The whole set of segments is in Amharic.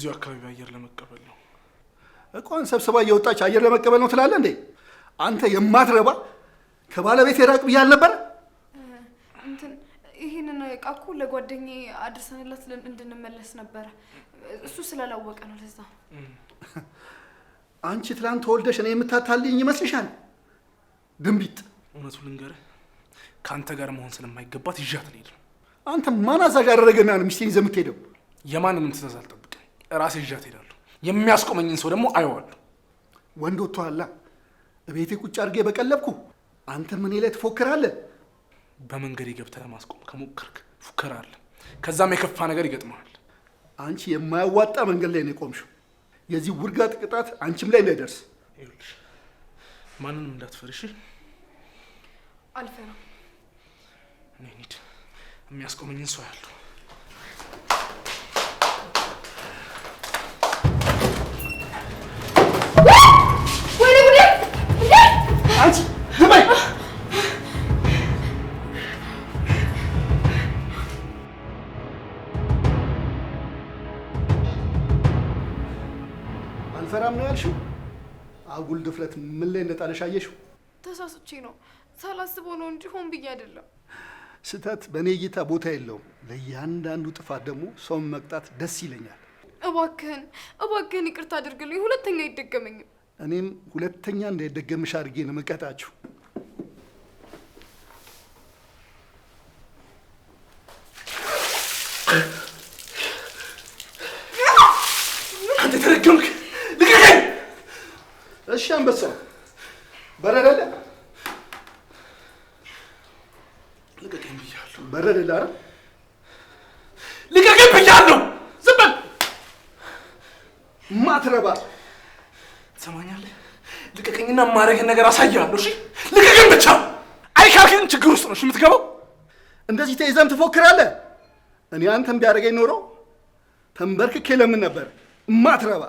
እዚሁ አካባቢ አየር ለመቀበል ነው። እቋን ሰብስባ እየወጣች አየር ለመቀበል ነው ትላለህ እንዴ? አንተ የማትረባ ከባለቤት የራቅ ብዬ አልነበረ? ይህንን እቃ እኮ ለጓደኛዬ አድርሰንላት እንድንመለስ ነበረ። እሱ ስላላወቀ ነው። ለዛ አንቺ ትላንት ተወልደሽ እኔ የምታታልኝ ይመስልሻል? ድንቢጥ። እውነቱ ልንገርህ ከአንተ ጋር መሆን ስለማይገባት ይዣት ልሄድ ነው። አንተ ማን አዛዥ አደረገና ነው ሚስቴን ይዘህ የምትሄደው? የማንንም ትእዛዝ አልጠ ራሴ ይዣት ሄዳለሁ። የሚያስቆመኝን ሰው ደግሞ አየዋለሁ። ወንድ አላ እቤቴ ቁጭ አድርጌ በቀለብኩ አንተ እኔ ላይ ትፎክራለህ። በመንገድ ገብተህ ለማስቆም ከሞከርክ ፉከራ አለ፣ ከዛም የከፋ ነገር ይገጥመሃል። አንቺ የማያዋጣ መንገድ ላይ ነው የቆምሽው። የዚህ ውርጋጥ ቅጣት አንቺም ላይ እንዳይደርስ ማንንም እንዳትፈርሽ። አልፈራም። እኔ እንሂድ። የሚያስቆመኝን ሰው ያለሁ ግፍለት ምን ላይ እንደጣለሽ አየሽው? ተሳስቼ ነው ሳላስበው ነው እንጂ ሆን ብዬ አይደለም። ስህተት በእኔ እይታ ቦታ የለውም። ለእያንዳንዱ ጥፋት ደግሞ ሰውን መቅጣት ደስ ይለኛል። እባክህን እባክህን ይቅርታ አድርግልኝ፣ ሁለተኛ አይደገመኝም። እኔም ሁለተኛ እንዳይደገምሽ አድርጌ ነው መቀጣችሁ። እሺ አንበሳ በረረለ ልቀቀኝ ብያለሁ። በረረለ አረ ልቀቀኝ ብያለሁ። ዝም በል ማትረባ። ትሰማኛለህ? ልቀቀኝና ማረግን ነገር አሳያለሁ። እሺ ልቀቀኝ ብቻ። አይካልክን ችግር ውስጥ ነው የምትገባው። እንደዚህ ተይዘም ትፎክራለህ። እኔ አንተም ቢያደርገኝ ኖሮ ተንበርክኬ ለምን ነበር ማትረባ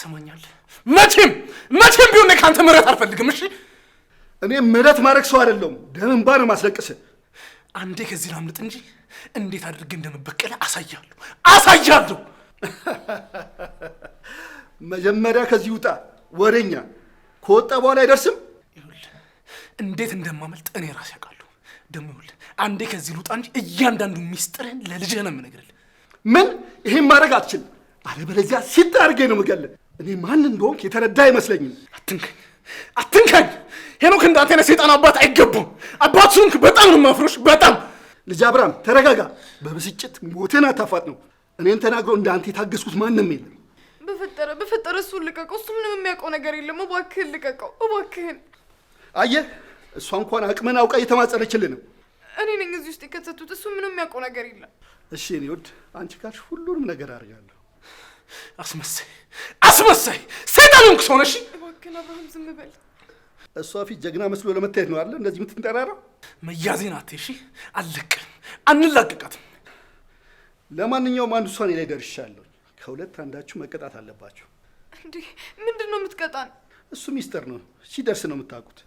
ሰማኛል። መቼም መቼም ቢሆን ከአንተ ምህረት አልፈልግም። እሺ እኔ ምህረት ማድረግ ሰው አይደለሁም። ደምን ባር ማስለቅስ። አንዴ ከዚህ ላምልጥ እንጂ እንዴት አድርግ እንደምበቀለ አሳያለሁ አሳያለሁ። መጀመሪያ ከዚህ ውጣ ወሬኛ። ከወጣ በኋላ አይደርስም። ይሁል እንዴት እንደማመልጥ እኔ ራሴ አውቃለሁ። ደሞ ይሁል አንዴ ከዚህ ልውጣ እንጂ እያንዳንዱ ሚስጥርህን ለልጅህ ነው የምነግርልህ። ምን ይህን ማድረግ አትችልም። አለበለዚያ ሲጥ አድርጌ ነው የምገልህ። እኔ ማን እንደሆንክ የተረዳ አይመስለኝም። አትንካኝ፣ አትንካኝ። ሄኖክ እንዳንተ ዓይነት ሰይጣን አባት አይገባም። አባት በጣም ነው የማፍሮሽ። በጣም ልጅ አብርሃም ተረጋጋ። በብስጭት ሞትን አታፋጥ ነው። እኔን ተናግሮ እንዳንተ የታገስኩት ማንም የለም። በፈጠረ በፈጠረ እሱን ልቀቀው። እሱ ምንም የሚያውቀው ነገር የለም። እባክህን ልቀቀው፣ እባክህን። አየህ እሷ እንኳን አቅምን አውቃ እየተማጸነችልህ እኔ ነኝ እዚህ ውስጥ የከተቱት። እሱ ምንም የሚያውቀው ነገር የለም። እሺ እኔ ወድ አንቺ ጋር ሁሉንም ነገር አድርጋለሁ አስመሳይ አስመሳይ ሰይጣን ሆንክ ሰው ነሽ። እባክህን አብርሃም ዝም በል። እሷ ፊት ጀግና መስሎ ለመታየት ነው አለ እንደዚህ የምትንጠራራው። መያዜን አትይ። እሺ አልለቅህም፣ አንላቅቃትም። ለማንኛውም አንዱ እሷ እኔ ላይ ደርሻለሁ። ከሁለት አንዳችሁ መቀጣት አለባችሁ። እንዴ ምንድን ነው የምትቀጣን? እሱ ሚስጥር ነው፣ ሲደርስ ነው የምታውቁት።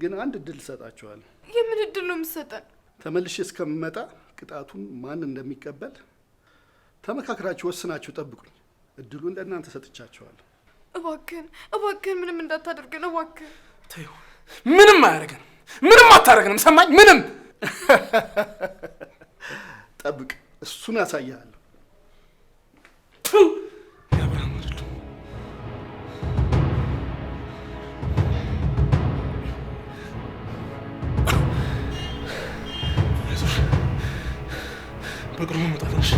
ግን አንድ እድል እሰጣችኋለሁ። የምን እድል ነው የምትሰጠን? ተመልሼ እስከምመጣ ቅጣቱን ማን እንደሚቀበል ተመካክራችሁ ወስናችሁ ጠብቁኝ። እድሉን ለእናንተ ሰጥቻቸዋለሁ። እባክን እባክን፣ ምንም እንዳታደርገን እባክን። ተይው፣ ምንም አያደርገንም፣ ምንም አታደርገንም። ሰማኝ፣ ምንም ጠብቅ፣ እሱን አሳያለሁ። በቅርቡ መጣለሽ።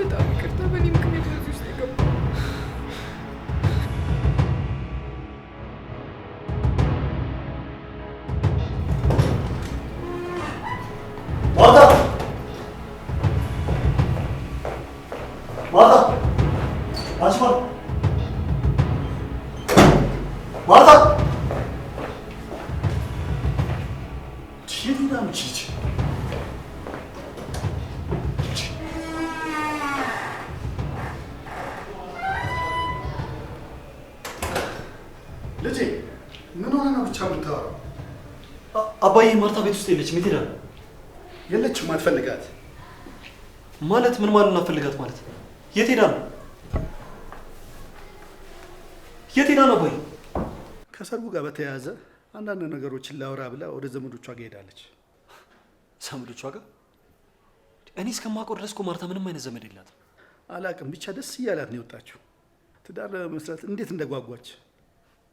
በጣም ይቅርታ በኔ ማርታ ቤት ውስጥ የለችም። የት ሄዳ ነው? የለችም። አትፈልጋት ማለት ምን ማለት ነው? አትፈልጋት ማለት የት ሄዳ ነው? የት ሄዳ ነው? አባዬ ከሰርጉ ጋር በተያያዘ አንዳንድ ነገሮችን ላውራ ብላ ወደ ዘመዶቿ ጋር ሄዳለች። ዘመዶቿ ጋር? እኔ እስከማውቀው ድረስ እኮ ማርታ ምንም አይነት ዘመድ የላትም። አላቅም ብቻ ደስ እያላት ነው የወጣችው። ትዳር ለመስራት እንዴት እንደጓጓች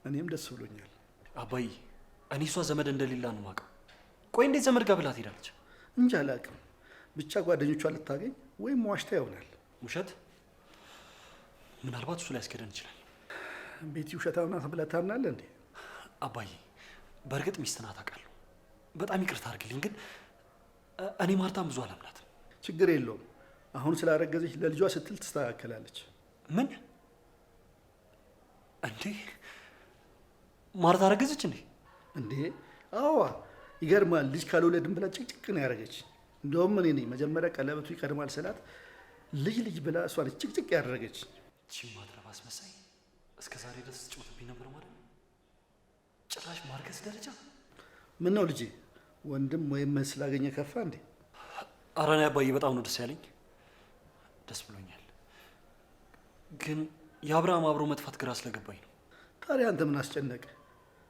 እኔም ደስ ብሎኛል አባዬ። እኔ እሷ ዘመድ እንደሌላ ነው የማውቀው። ቆይ እንዴት ዘመድ ጋር ብላት ሄዳለች? እንጂ አላውቅም። ብቻ ጓደኞቿ ልታገኝ ወይም ዋሽታ ይሆናል። ውሸት ምናልባት እሱ ላይ ያስገደን ይችላል። ቤቲ ውሸታምና ብለህ ታምናለህ እንዴ? አባዬ በእርግጥ ሚስት ናት አውቃለሁ። በጣም ይቅርታ አድርግልኝ፣ ግን እኔ ማርታም ብዙ አላምናትም። ችግር የለውም። አሁን ስላረገዘች ለልጇ ስትል ትስተካከላለች። ምን እንዴ? ማርታ አረገዘች እንዴ? እንዴ? አዋ ይገርማል። ልጅ ካልወለድም ብላ ጭቅጭቅ ነው ያደረገች። እንደውም እኔ ነኝ መጀመሪያ ቀለበቱ ይቀድማል ስላት ልጅ ልጅ ብላ እሷ ነች ጭቅጭቅ ያደረገች። ቺም አስመሳይ እስከ ዛሬ ድረስ ጮትብኝ ነበር ማለት ነው። ጭራሽ ማርገዝ ደረጃ ምን ነው ልጄ፣ ወንድም ወይም እህት ስላገኘ ከፋ እንዴ? ኧረ እኔ አባዬ በጣም ነው ደስ ያለኝ፣ ደስ ብሎኛል። ግን የአብርሃም አብሮ መጥፋት ግራ ስለገባኝ ነው። ታዲያ አንተ ምን አስጨነቀ?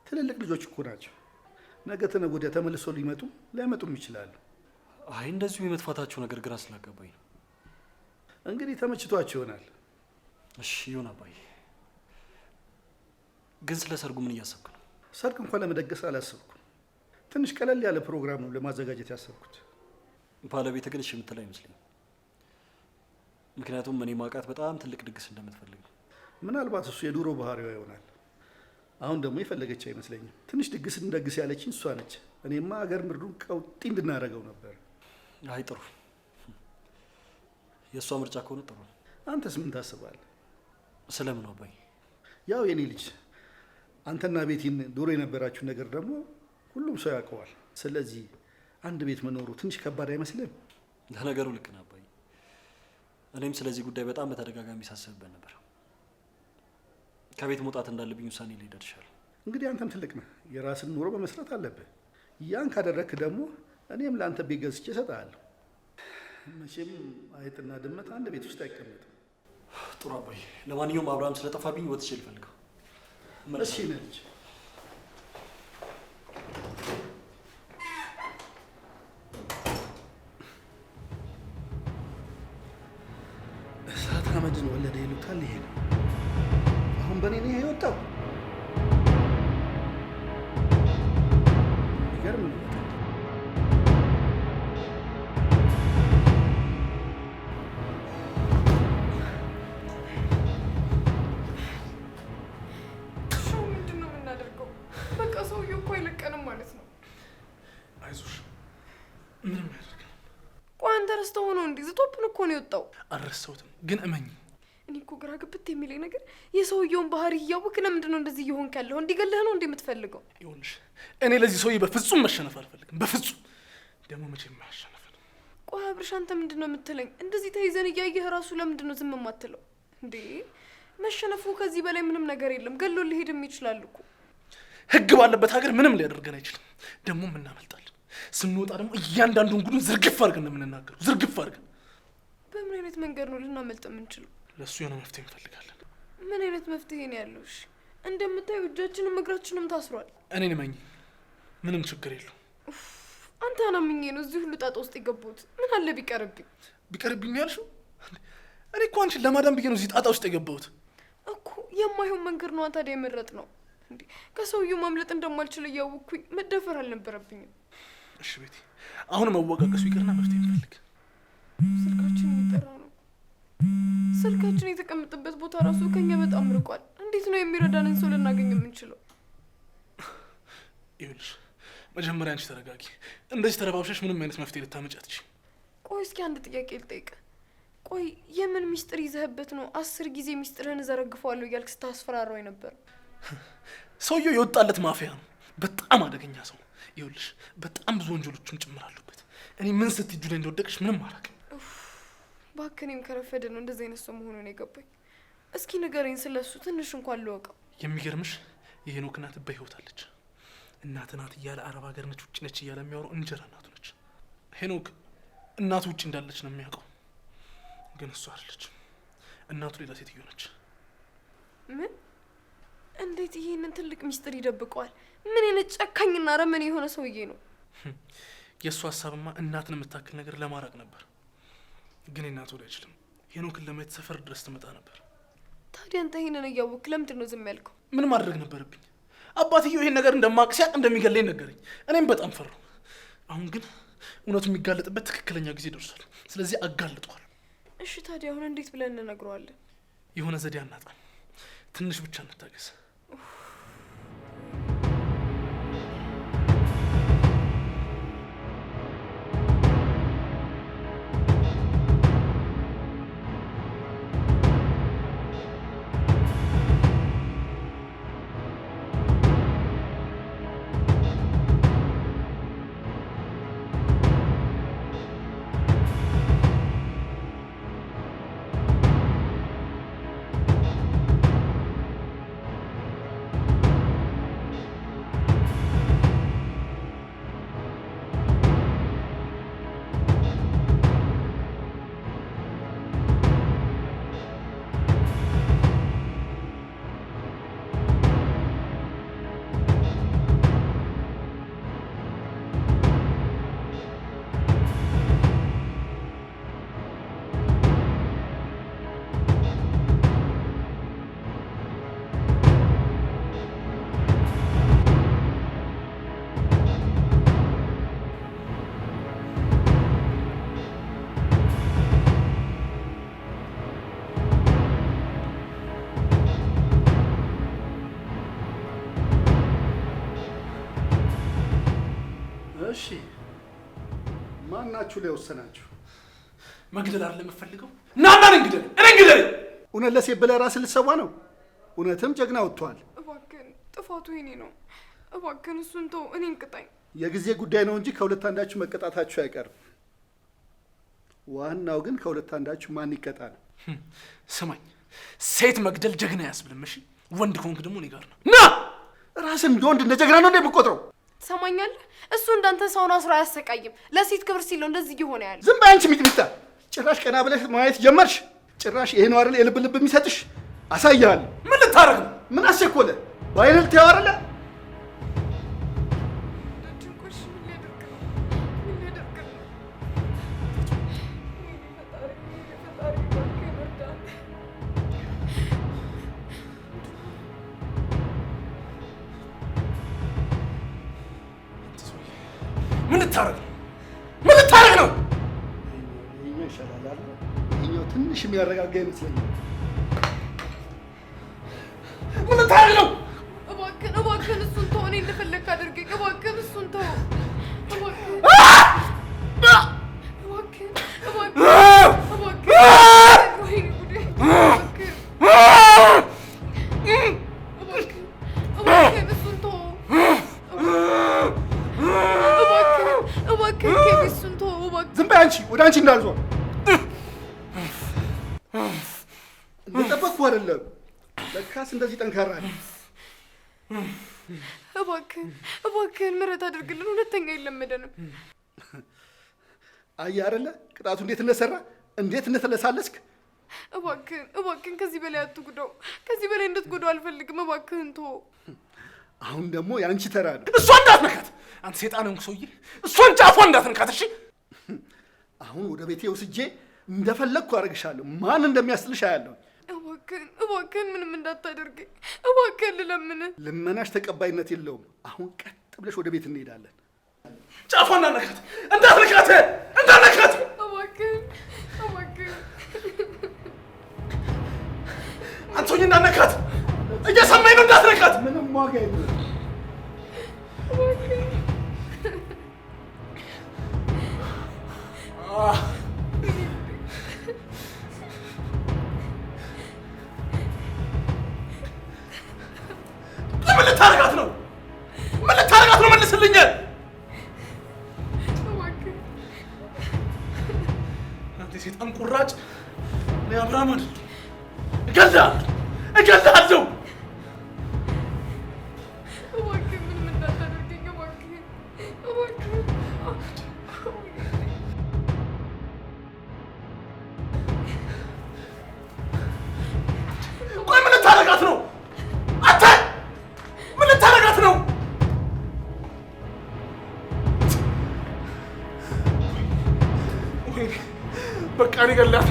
ትልልቅ ልጆች እኮ ናቸው። ነገ ተነገ ወዲያ ተመልሶ ሊመጡ ላይመጡም ይችላሉ። አይ እንደዚሁ የመጥፋታቸው ነገር ግራ ስላጋባኝ ነው። እንግዲህ ተመችቷቸው ይሆናል። እሺ ይሁን አባዬ። ግን ስለ ሰርጉ ምን እያሰብክ ነው? ሰርግ እንኳን ለመደገስ አላሰብኩም። ትንሽ ቀለል ያለ ፕሮግራም ነው ለማዘጋጀት ያሰብኩት። ባለቤት ግን እሺ የምትል ምክንያቱም እኔ ማውቃት በጣም ትልቅ ድግስ እንደምትፈልግ ነው። ምናልባት እሱ የድሮ ባህሪዋ ይሆናል። አሁን ደግሞ የፈለገች አይመስለኝም። ትንሽ ድግስ እንደግስ ያለችኝ እሷ ነች። እኔማ አገር ምድሩን ቀውጢ እንድናደርገው ነበር። አይ ጥሩ፣ የእሷ ምርጫ ከሆነ ጥሩ። አንተስ ምን ታስባለህ? ስለምን አባይ? ያው የኔ ልጅ አንተና ቤቲን ድሮ የነበራችሁ ነገር ደግሞ ሁሉም ሰው ያውቀዋል። ስለዚህ አንድ ቤት መኖሩ ትንሽ ከባድ አይመስልም? ለነገሩ ልክ ነህ አባይ። እኔም ስለዚህ ጉዳይ በጣም በተደጋጋሚ ሳስብበት ነበር። ከቤት መውጣት እንዳለብኝ ውሳኔ ላይ ደርሻል። እንግዲህ አንተም ትልቅ ነህ፣ የራስን ኑሮ በመስራት አለብህ። ያን ካደረክ ደግሞ እኔም ለአንተ ቤት ገዝቼ እሰጥሃለሁ። መቼም አይጥና ድመት አንድ ቤት ውስጥ አይቀመጥም። ጥሩ አባይ፣ ለማንኛውም አብርሃም ስለጠፋብኝ ወጥቼ ልፈልገው። እሺ ነች እሳት አመድን ወለደ ይሉታል ይሄ ነው። አሁን በእኔ ነው የወጣው። ይገርም ነው። ምንም ያደርገናል። ቆይ አንተ ረስተኸው ነው እንዲህ? ዝቶብን እኮ ነው የወጣው። አልረሳሁትም ግን እመኝ ግብት የሚለኝ ነገር የሰውየውን ባህሪ እያወቅ ለምንድን ነው እንደዚህ እየሆንክ ያለው? እንዲገልህ ነው እንደ የምትፈልገው? ይሁንሽ፣ እኔ ለዚህ ሰውዬ በፍጹም መሸነፍ አልፈልግም። በፍጹም ደግሞ መቼ የማያሸነፍ ነው። ቆይ አብርሽ፣ አንተ ምንድን ነው የምትለኝ? እንደዚህ ተይዘን እያየህ ራሱ ለምንድን ነው ዝም የማትለው እንዴ? መሸነፉ ከዚህ በላይ ምንም ነገር የለም። ገሎ ሊሄድም ይችላል እኮ። ህግ ባለበት ሀገር ምንም ሊያደርገን አይችልም። ደግሞ እናመልጣለን። ስንወጣ ደግሞ እያንዳንዱን ጉዱን ዝርግፍ አድርገን ነው የምንናገረው። ዝርግፍ አድርገን በምን አይነት መንገድ ነው ልናመልጥ የምንችለው? ለእሱ የሆነ መፍትሄ እንፈልጋለን። ምን አይነት መፍትሄ ነው ያለሽ? እንደምታዩ እጃችንም እግራችንም ታስሯል። እኔን እመኝ፣ ምንም ችግር የለው። አንተ አናምኜ ነው እዚህ ሁሉ ጣጣ ውስጥ የገቡት። ምን አለ ቢቀርብኝ። ቢቀርብኝ ነው ያልሽው? እኔ እኮ አንቺን ለማዳን ብዬ ነው እዚህ ጣጣ ውስጥ የገባሁት እኮ። የማይሆን መንገድ ነዋ ታዲያ የምረጥ ነው። ከሰውዬው ማምለጥ እንደማልችል እያወቅኩኝ መደፈር አልነበረብኝም። እሺ ቤቴ፣ አሁን መወቃቀሱ ይቅርና መፍትሄ እንፈልግ። ስልካችን የሚጠራ እህታችን የተቀመጠበት ቦታ ራሱ ከኛ በጣም ርቋል። እንዴት ነው የሚረዳንን ሰው ልናገኝ የምንችለው? ይኸውልሽ መጀመሪያ አንቺ ተረጋጊ። እንደዚህ ተረባብሻሽ ምንም አይነት መፍትሄ ልታመጪ ቆይ እስኪ አንድ ጥያቄ ልጠይቅ። ቆይ የምን ሚስጥር ይዘህበት ነው አስር ጊዜ ሚስጥርህን እዘረግፈዋለሁ እያልክ ስታስፈራራው ነበር? ሰውየው የወጣለት ማፊያ ነው። በጣም አደገኛ ሰው። ይኸውልሽ በጣም ብዙ ወንጀሎችም ጭምር አሉበት። እኔ ምን ስትጁ ላይ እንደወደቅሽ ምንም አላውቅም። ባክኔም ከረፈደ ነው እንደዚህ አይነት ሰው መሆኑን የገባኝ። እስኪ ንገረኝ ስለሱ ትንሽ እንኳን ልወቀው። የሚገርምሽ የሄኖክ እናት በህይወት አለች። እናት ናት እያለ አረብ ሀገር ነች ውጭ ነች እያለ የሚያወራው እንጀራ እናቱ ነች። ሄኖክ እናቱ ውጭ እንዳለች ነው የሚያውቀው፣ ግን እሱ አለች እናቱ ሌላ ሴትዮ ነች። ምን? እንዴት ይህንን ትልቅ ሚስጥር ይደብቀዋል? ምን አይነት ጨካኝና ረመኔ የሆነ ሰውዬ ነው! የእሱ ሀሳብማ እናትን የምታክል ነገር ለማራቅ ነበር። ግን እናት ወደ አይችልም። ሄኖክን ለማየት ሰፈር ድረስ ትመጣ ነበር። ታዲያ አንተ ይሄንን እያወቅህ ለምንድን ነው ዝም ያልከው? ምን ማድረግ ነበረብኝ? አባትየው ይሄን ነገር እንደማቅ ሲያቅ እንደሚገለኝ ነገረኝ። እኔም በጣም ፈሩ። አሁን ግን እውነቱ የሚጋለጥበት ትክክለኛ ጊዜ ደርሷል። ስለዚህ አጋልጧል። እሺ ታዲያ አሁን እንዴት ብለን እንነግረዋለን? የሆነ ዘዴ አናጣም። ትንሽ ብቻ እንታገስ። ብላችሁ ላይ ወሰናችሁ? መግደል አለ የምፈልገው። ና ንግደል እኔ ንግደል። እውነት ለሴት ብለህ ራስህ ልትሰዋ ነው? እውነትም ጀግና ወጥቷል። እባክህን፣ ጥፋቱ የኔ ነው። እባክህን እሱን ተው፣ እኔ እንቅጣኝ። የጊዜ ጉዳይ ነው እንጂ ከሁለት አንዳችሁ መቀጣታችሁ አይቀርም። ዋናው ግን ከሁለት አንዳችሁ ማን ይቀጣል? ስማኝ፣ ሴት መግደል ጀግና ያስብልም። እሺ፣ ወንድ ከሆንክ ደግሞ እኔ ጋር ነው። ና ራስን እንደ ወንድ እንደ ጀግና ነው እንደ የምቆጥረው ትሰማኛለህ? እሱ እንዳንተ ሰውን አስሮ አያሰቃይም። ለሴት ክብር ሲለው እንደዚህ እየሆነ ያለ። ዝም በይ አንቺ ሚጥሚጣ! ጭራሽ ቀና ብለሽ ማየት ጀመርሽ። ጭራሽ ይሄ ነው አይደል የልብ ልብ የሚሰጥሽ? አሳያለሁ። ምን ልታረግ ነው? ምን አስቸኮለ? በአይነ ልታየው አይደለ የሚያረጋጋ ይመስለኛል። ምን ታሪ ነው? እባክህን እባክህን፣ እሱን ተው። እኔ እንደፈለግ አድርገኝ። እባክህን እሱን ተው። ዝም በይ አንቺ ወደ አንቺ እንዳልዞር አይደለም። ለካስ እንደዚህ ጠንካራ ነው። እባክህን እባክህን ምሕረት አድርግልን። ሁለተኛ አይለመደንም። አየህ አይደለ ቅጣቱ እንዴት እንደሰራ እንዴት እንደተለሳለስክ። እባክህን እባክህን ከዚህ በላይ አትጉዳው። ከዚህ በላይ እንድትጎዳው አልፈልግም። እባክህን ቶ አሁን ደግሞ የአንቺ ተራ ነው። እሷ እንዳትነካት አንተ ሴጣን እንኩ ሰውዬ፣ እሷን ጫፏን እንዳትነካት እሺ። አሁን ወደ ቤቴ ወስጄ እንደፈለግኩ አደርግሻለሁ። ማን እንደሚያስጥልሽ አያለሁ። እባክህን እባክህን ምንም እንዳታደርገኝ እባክህን ልለምን። ልመናሽ ተቀባይነት የለውም። አሁን ቀጥ ብለሽ ወደ ቤት እንሄዳለን። ጫፏ እንዳነካት እንዳትነካት እንዳትነካት እባክህን እባክህን አንቶኝ እንዳነካት እየሰማኝ ነው። እንዳትነካት ምንም ዋጋ የለም። እባክህን الحاجه اللي احنا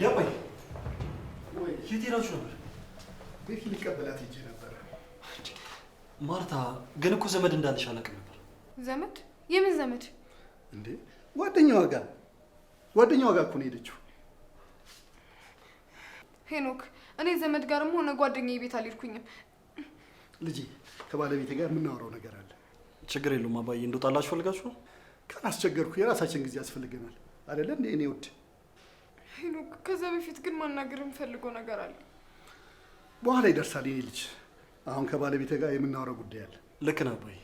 ደባይ የት ሄዳችሁ ነበር? ቤኪ ሊቀበላት ሄጄ ማርታ ግን እኮ ዘመድ እንዳለሽ አላውቅም ነበር። ዘመድ? የምን ዘመድ እንዴ? ጓደኛዋ ጋር ጓደኛዋ ጋር እኮ ነው የሄደችው። ሄኖክ፣ እኔ ዘመድ ጋርም ሆነ ጓደኛዬ ቤት አልሄድኩኝም። ልጄ ከባለቤቴ ጋር የምናወራው ነገር አለ። ችግር የለውም አባዬ። እንደውጣላችሁ ፈልጋችሁ ነው? ካላስቸገርኩ የራሳችን ጊዜ ያስፈልገናል አይደለ? እኔ ውድ ሄኖክ፣ ከዛ በፊት ግን ማናገር የምፈልገው ነገር አለ። በኋላ ይደርሳል የኔ ልጅ። አሁን ከባለቤት ጋር የምናወራው ጉዳይ አለ። ልክ ነህ አባዬ፣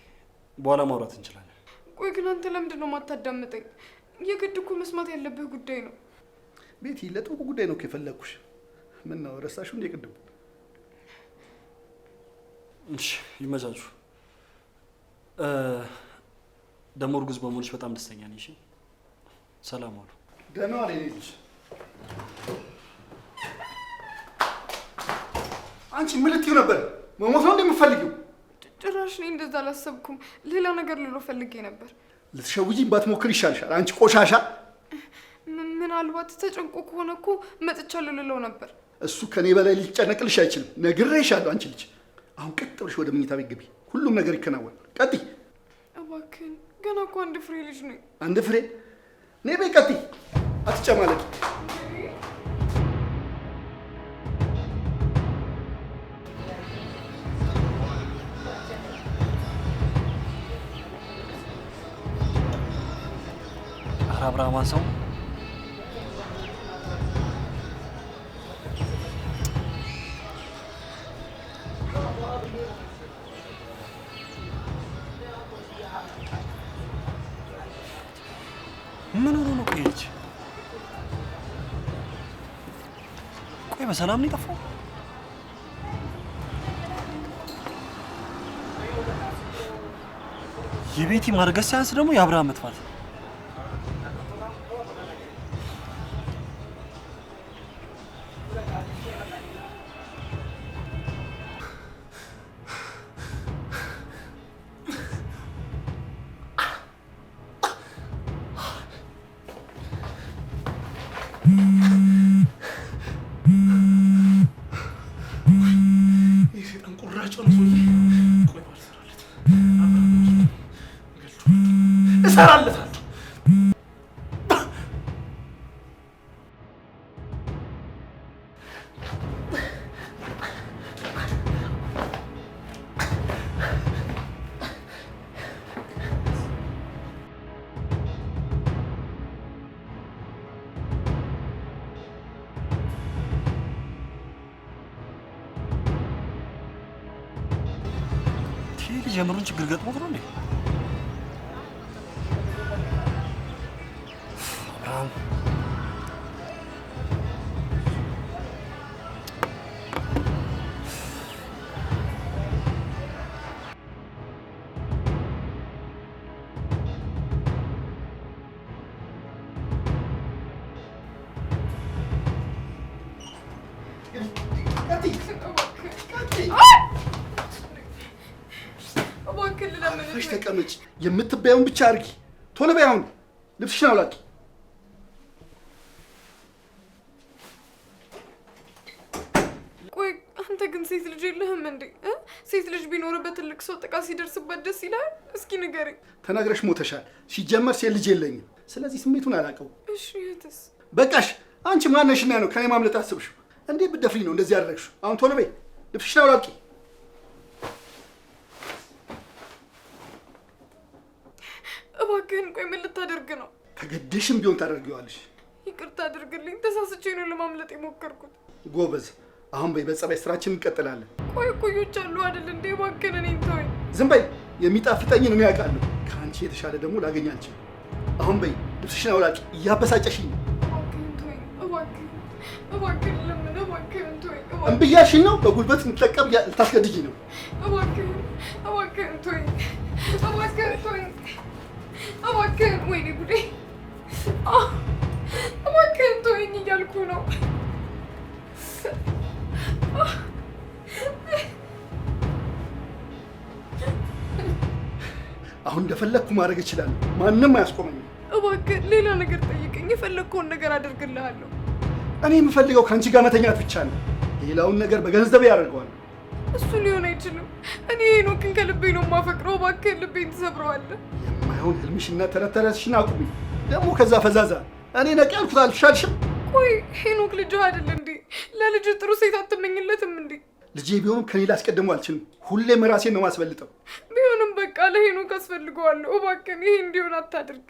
በኋላ ማውራት እንችላለን። ቆይ ግን አንተ ለምንድን ነው የማታዳምጠኝ? የግድ እኮ መስማት ያለብህ ጉዳይ ነው። ቤቲ፣ ለጥቁ ጉዳይ ነው የፈለግኩሽ። ምን ነው ረሳሽው እንዴ? ቅድም እሺ፣ ይመቻችሁ። ደግሞ እርጉዝ በመሆንሽ በጣም ደስተኛ ነኝ። ሰላም አሉ። ደህና ዋል የኔ ልጅ። አንቺ ምን ልትይው ነበር? መሞት ነው እንደምፈልጊው? ጭራሽ እኔ እንደዛ አላሰብኩም። ሌላ ነገር ልሎ ፈልጌ ነበር። ልትሸውጂኝ ባትሞክር ይሻልሻል፣ አንቺ ቆሻሻ። ምናልባት ተጨንቆ ከሆነ እኮ መጥቻለሁ ልለው ነበር። እሱ ከእኔ በላይ ሊጨነቅልሽ አይችልም። ነግሬሻለሁ። አንቺ ልጅ አሁን ቀጥ ብለሽ ወደ መኝታ ቤት ግቢ። ሁሉም ነገር ይከናወናል። ቀጥይ። እባክህን ገና እኮ አንድ ፍሬ ልጅ ነኝ። አንድ ፍሬ ኔ ቤት ቀጥይ። አትጨማለቅ። አብርሃም ሰው በሰላም ነው የጠፋው? የቤቲ ማርገዝ ሲያንስ ደግሞ የአብርሃም መጥፋት memurun için gırgırt mı olur የምትበየውን ብቻ አርጊ። ቶሎ በይ አሁን ልብስሽን አውላቂ። ቆይ አንተ ግን ሴት ልጅ የለህም እንዴ? ሴት ልጅ ቢኖር በትልቅ ሰው ጥቃት ሲደርስበት ደስ ይላል? እስኪ ንገረኝ። ተናግረሽ ሞተሻል። ሲጀመር ሴት ልጅ የለኝም። ስለዚህ ስሜቱን አላውቀው። እሺ እህትስ? በቃሽ። አንቺ ማነሽና ነው ከኔ ማምለጥ አስብሽ እንዴ ብደፍሪ ነው እንደዚህ ያደረግሽው? አሁን ቶሎ በይ ልብስሽን አውላቂ። ቆይ ምን ልታደርግ ነው? ተገደሽም ቢሆን ታደርጊዋለሽ። ይቅርታ አድርግልኝ፣ ተሳስቼ ነው ለማምለጥ የሞከርኩት። ጎበዝ፣ አሁን በይ በጸባይ ስራችን እንቀጥላለን። ቆይ እኩዮች አሉ አይደል እንዴ? እባክህን እኔን ተወኝ። ዝም በይ። የሚጣፍጠኝ ነው ያውቃለሁ። ከአንቺ የተሻለ ደግሞ ላገኝ አልችልም። አሁን በይ ልብስሽን አውላቂ፣ እያበሳጨሽኝ ነው። እምብያሽን ነው በጉልበት እንጠቀም ልታስገድጅኝ ነው። እባክህን ወይኔ ጉዴ፣ እባክህን ተወኝ እያልኩ ነው። አሁን እንደፈለግኩ ማድረግ እችላለሁ። ማንም አያስቆመኝም። እባክህን ሌላ ነገር ጠይቀኝ፣ የፈለግከውን ነገር አደርግልሃለሁ። እኔ የምፈልገው ከአንቺ ጋር መተኛት ብቻ ነው። ሌላውን ነገር በገንዘብ ያደርገዋል። እሱ ሊሆን አይችልም። እኔ ሄኖክን ከልቤ ነው የማፈቅረው። እባክህን ልቤን ትሰብረዋለህ። አሁን ህልምሽና ተረተረስሽን አቁሚ። ደግሞ ከዛ ፈዛዛ እኔ ነቅ ያልኩት አልሻልሽም። ቆይ ሄኖክ ልጅ አይደል እንዴ? ለልጅ ጥሩ ሴት አትመኝለትም እንዴ? ልጄ ቢሆንም ከኔ ላስቀድመው አልችልም። ሁሌም ራሴን ነው ማስበልጠው። ቢሆንም በቃ ለሄኖክ አስፈልገዋለሁ። እባክህን ይሄ እንዲሆን አታድርግ።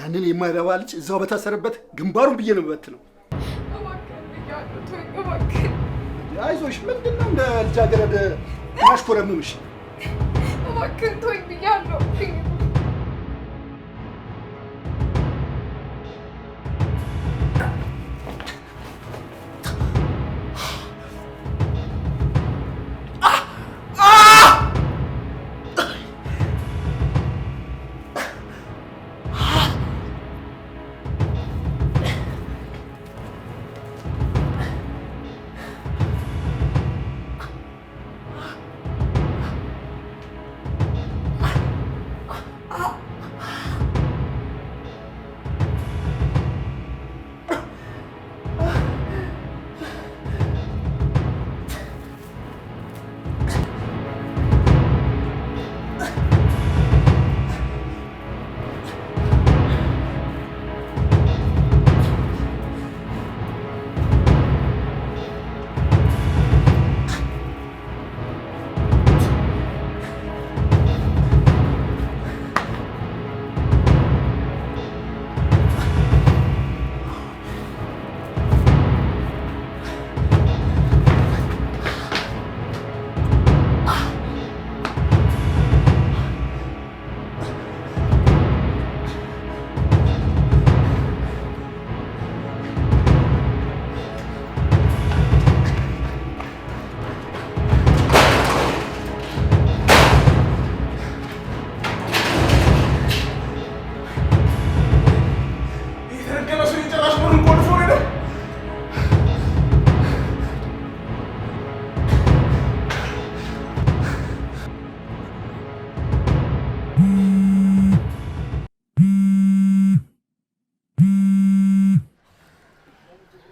ያንን የማይረባ ልጅ እዛው በታሰረበት ግንባሩን ብዬ ነው በት ነው። አይዞሽ፣ ምንድን ነው እንደ ልጃገረድ ማሽኮረምምሽ? እባክህን ተወኝ ብያለሁ።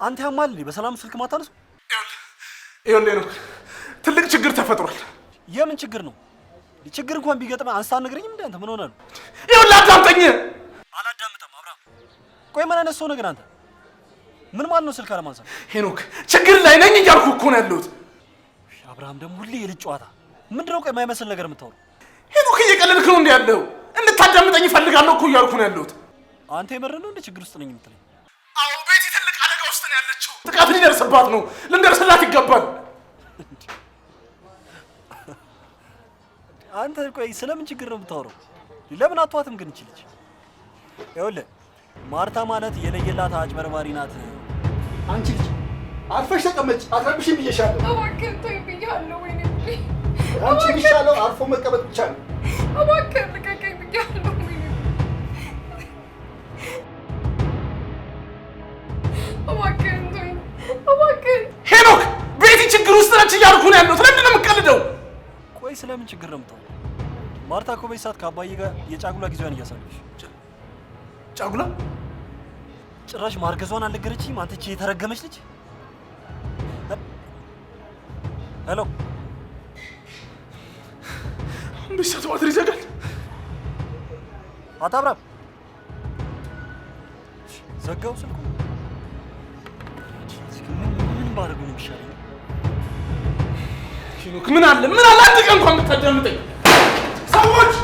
አንተ ያማል እንዴ? በሰላም ስልክ ማታነሱ? ይኸውልህ ነው ትልቅ ችግር ተፈጥሯል። የምን ችግር ነው? ችግር እንኳን ቢገጥመ አንስታ ነገረኝም እንዴ? አንተ ምን ሆነ ነው? ይኸውልህ አዳምጠኝ። አላዳምጠም አብርሃም። ቆይ ምን አይነት ሰው ነገር አንተ? ምን ማለት ነው ስልክ አለማንሳት? ሄኖክ ችግር ላይ ነኝ እያልኩ እኮ ነው ያለሁት። አብርሃም ደግሞ ሁሌ የልጅ ጨዋታ ምንድነው? ቆይ የማይመስል ነገር የምታወሩ? ሄኖክ እየቀለድክ ነው እንዴ? ያለው እንድታዳምጠኝ እፈልጋለሁ እኮ እያልኩ ነው ያለሁት። አንተ የምር ነው እንደ ችግር ውስጥ ነኝ የምትለኝ? ነው ያለችው። ጥቃት ሊደርስባት ነው። ልንደርስላት ይገባል። አንተ ቆይ ስለምን ችግር ነው የምታወራው? ለምን አትዋትም ግን ይችልች? ይኸውልህ ማርታ ማለት የለየላት አጭበርባሪ ናት። አንቺ ልጅ አርፈሽ ተቀመጭ፣ አትረብሽም ብዬሻለሁ። አንቺ የሚሻለው አርፎ መቀመጥ ብቻ ነው። እያልኩ ያለው? ያለሁት። ነው የምትቀልደው? ቆይ ስለምን ችግር ነው የምታወራው? ማርታ እኮ በዚህ ሰዓት ከአባዬ ጋር የጫጉላ ጊዜዋን እያሳለች ጫጉላ ጭራሽ ማርገዟን አልነገረችኝም። አንተ የተረገመች ልጅ ሄሎ እንዴት ሰተዋትር ይዘጋል። አታብራም ዘጋው ስልኩ ምን ባደርገው ነው የሚሻለኝ? ሄኖክ ምን አለ ምን አለ አንድ ቀን እንኳን ብታዳምጠኝ ሰዎች